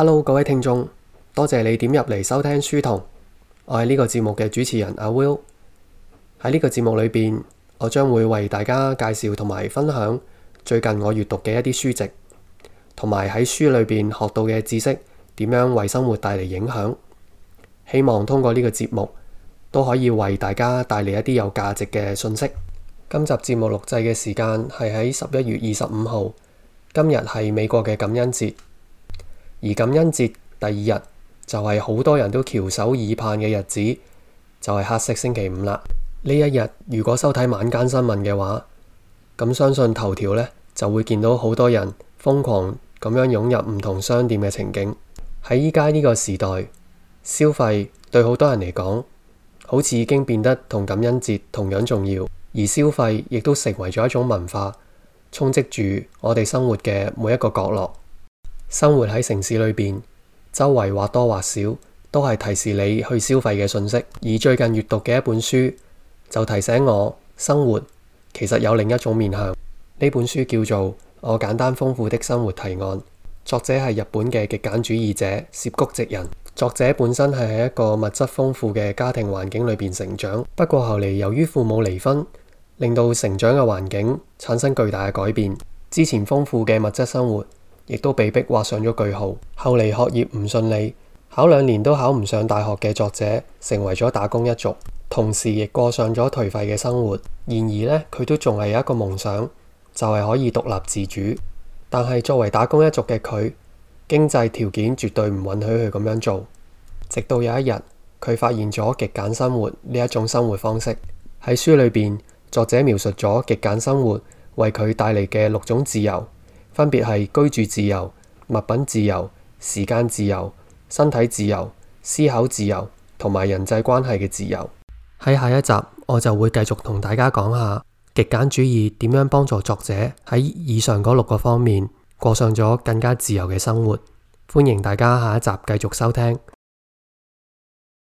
Hello，各位聽眾，多謝你點入嚟收聽書僮，我係呢個節目嘅主持人阿 Will。喺呢個節目裏邊，我將會為大家介紹同埋分享最近我閱讀嘅一啲書籍，同埋喺書裏邊學到嘅知識，點樣為生活帶嚟影響。希望通過呢個節目都可以為大家帶嚟一啲有價值嘅信息。今集節目錄製嘅時間係喺十一月二十五號，今日係美國嘅感恩節。而感恩節第二日就係、是、好多人都翹首以盼嘅日子，就係、是、黑色星期五啦。呢一日如果收睇晚間新聞嘅話，咁相信頭條呢，就會見到好多人瘋狂咁樣湧入唔同商店嘅情景。喺依家呢個時代，消費對好多人嚟講，好似已經變得同感恩節同樣重要，而消費亦都成為咗一種文化，充斥住我哋生活嘅每一個角落。生活喺城市裏邊，周圍或多或少都係提示你去消費嘅信息。而最近閱讀嘅一本書就提醒我，生活其實有另一種面向。呢本書叫做《我簡單豐富的生活提案》，作者係日本嘅極簡主義者涉谷直人。作者本身係喺一個物質豐富嘅家庭環境裏邊成長，不過後嚟由於父母離婚，令到成長嘅環境產生巨大嘅改變。之前豐富嘅物質生活。亦都被迫畫上咗句號。後嚟學業唔順利，考兩年都考唔上大學嘅作者，成為咗打工一族，同時亦過上咗頹廢嘅生活。然而呢，佢都仲係有一個夢想，就係可以獨立自主。但係作為打工一族嘅佢，經濟條件絕對唔允許佢咁樣做。直到有一日，佢發現咗極簡生活呢一種生活方式。喺書裏邊，作者描述咗極簡生活為佢帶嚟嘅六種自由。分別係居住自由、物品自由、時間自由、身體自由、思考自由同埋人際關係嘅自由。喺下一集，我就會繼續同大家講下極簡主義點樣幫助作者喺以上嗰六個方面過上咗更加自由嘅生活。歡迎大家下一集繼續收聽。